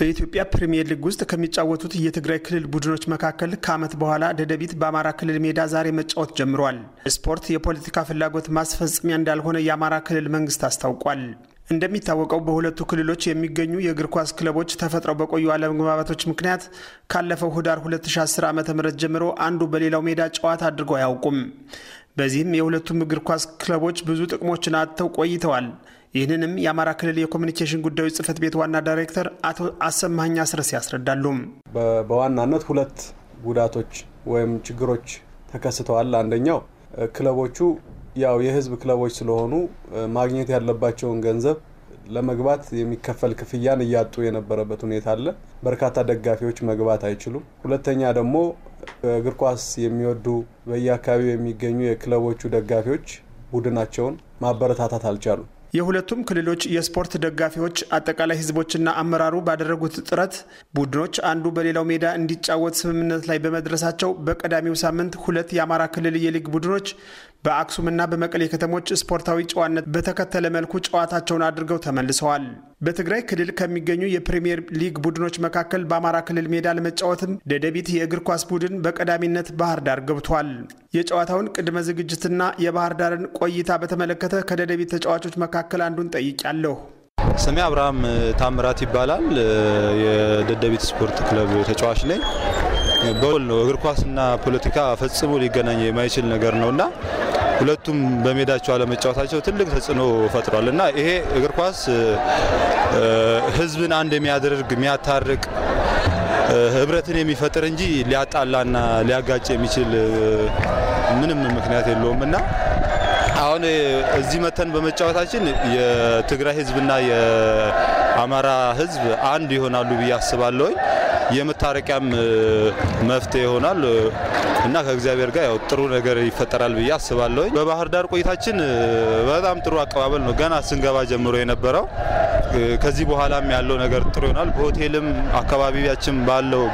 በኢትዮጵያ ፕሪምየር ሊግ ውስጥ ከሚጫወቱት የትግራይ ክልል ቡድኖች መካከል ከዓመት በኋላ ደደቢት በአማራ ክልል ሜዳ ዛሬ መጫወት ጀምሯል። ስፖርት የፖለቲካ ፍላጎት ማስፈጸሚያ እንዳልሆነ የአማራ ክልል መንግስት አስታውቋል። እንደሚታወቀው በሁለቱ ክልሎች የሚገኙ የእግር ኳስ ክለቦች ተፈጥረው በቆዩ አለመግባባቶች ምክንያት ካለፈው ህዳር 2010 ዓ ም ጀምሮ አንዱ በሌላው ሜዳ ጨዋታ አድርገው አያውቁም። በዚህም የሁለቱም እግር ኳስ ክለቦች ብዙ ጥቅሞችን አጥተው ቆይተዋል። ይህንንም የአማራ ክልል የኮሚኒኬሽን ጉዳዮች ጽህፈት ቤት ዋና ዳይሬክተር አቶ አሰማኸኝ አስረስ ያስረዳሉ። በዋናነት ሁለት ጉዳቶች ወይም ችግሮች ተከስተዋል። አንደኛው ክለቦቹ ያው የህዝብ ክለቦች ስለሆኑ ማግኘት ያለባቸውን ገንዘብ ለመግባት የሚከፈል ክፍያን እያጡ የነበረበት ሁኔታ አለ። በርካታ ደጋፊዎች መግባት አይችሉም። ሁለተኛ ደግሞ እግር ኳስ የሚወዱ በየአካባቢው የሚገኙ የክለቦቹ ደጋፊዎች ቡድናቸውን ማበረታታት አልቻሉም። የሁለቱም ክልሎች የስፖርት ደጋፊዎች አጠቃላይ ህዝቦችና አመራሩ ባደረጉት ጥረት ቡድኖች አንዱ በሌላው ሜዳ እንዲጫወት ስምምነት ላይ በመድረሳቸው በቀዳሚው ሳምንት ሁለት የአማራ ክልል የሊግ ቡድኖች በአክሱምና በመቀሌ ከተሞች ስፖርታዊ ጨዋነት በተከተለ መልኩ ጨዋታቸውን አድርገው ተመልሰዋል። በትግራይ ክልል ከሚገኙ የፕሪምየር ሊግ ቡድኖች መካከል በአማራ ክልል ሜዳ ለመጫወትም ደደቢት የእግር ኳስ ቡድን በቀዳሚነት ባህር ዳር ገብቷል። የጨዋታውን ቅድመ ዝግጅትና የባህር ዳርን ቆይታ በተመለከተ ከደደቢት ተጫዋቾች መካከል አንዱን ጠይቄያለሁ። ስሜ አብርሃም ታምራት ይባላል። የደደቢት ስፖርት ክለብ ተጫዋች ነኝ። በል ነው እግር ኳስና ፖለቲካ ፈጽሞ ሊገናኝ የማይችል ነገር ነውና ሁለቱም በሜዳቸው አለመጫወታቸው ትልቅ ተጽዕኖ ፈጥሯል እና ይሄ እግር ኳስ ህዝብን አንድ የሚያደርግ የሚያታርቅ ህብረትን የሚፈጥር እንጂ ሊያጣላና ሊያጋጭ የሚችል ምንም ምክንያት የለውም እና አሁን እዚህ መተን በመጫወታችን የትግራይ ህዝብና የአማራ ህዝብ አንድ ይሆናሉ ብዬ አስባለሁኝ። የመታረቂያም መፍትሄ ይሆናል እና ከእግዚአብሔር ጋር ያው ጥሩ ነገር ይፈጠራል ብዬ አስባለሁ። በባህር ዳር ቆይታችን በጣም ጥሩ አቀባበል ነው ገና ስንገባ ጀምሮ የነበረው። ከዚህ በኋላም ያለው ነገር ጥሩ ይሆናል። በሆቴልም አካባቢያችን ባለው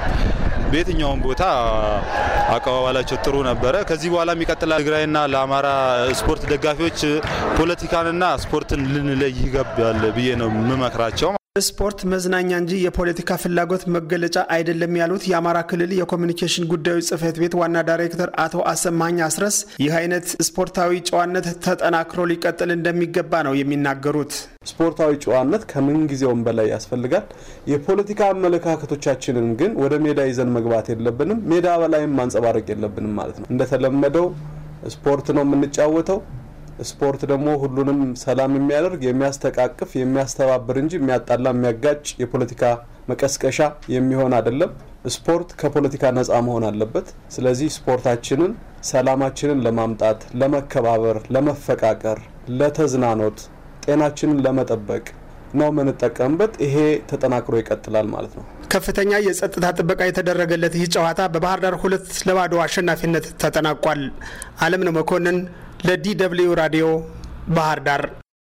በየትኛውም ቦታ አቀባበላቸው ጥሩ ነበረ። ከዚህ በኋላም ይቀጥላል። ትግራይና ለአማራ ስፖርት ደጋፊዎች ፖለቲካንና ስፖርትን ልንለይ ይገባል ብዬ ነው የምመክራቸው። ስፖርት መዝናኛ እንጂ የፖለቲካ ፍላጎት መገለጫ አይደለም ያሉት የአማራ ክልል የኮሚኒኬሽን ጉዳዮች ጽህፈት ቤት ዋና ዳይሬክተር አቶ አሰማኝ አስረስ ይህ አይነት ስፖርታዊ ጨዋነት ተጠናክሮ ሊቀጥል እንደሚገባ ነው የሚናገሩት። ስፖርታዊ ጨዋነት ከምንጊዜውም በላይ ያስፈልጋል። የፖለቲካ አመለካከቶቻችንን ግን ወደ ሜዳ ይዘን መግባት የለብንም። ሜዳ በላይም ማንጸባረቅ የለብንም ማለት ነው። እንደተለመደው ስፖርት ነው የምንጫወተው ስፖርት ደግሞ ሁሉንም ሰላም የሚያደርግ የሚያስተቃቅፍ፣ የሚያስተባብር እንጂ የሚያጣላ፣ የሚያጋጭ የፖለቲካ መቀስቀሻ የሚሆን አይደለም። ስፖርት ከፖለቲካ ነፃ መሆን አለበት። ስለዚህ ስፖርታችንን ሰላማችንን ለማምጣት፣ ለመከባበር፣ ለመፈቃቀር፣ ለተዝናኖት፣ ጤናችንን ለመጠበቅ ነው የምንጠቀምበት። ይሄ ተጠናክሮ ይቀጥላል ማለት ነው። ከፍተኛ የጸጥታ ጥበቃ የተደረገለት ይህ ጨዋታ በባህር ዳር ሁለት ለባዶ አሸናፊነት ተጠናቋል። ነው መኮንን The DW Radio Bahar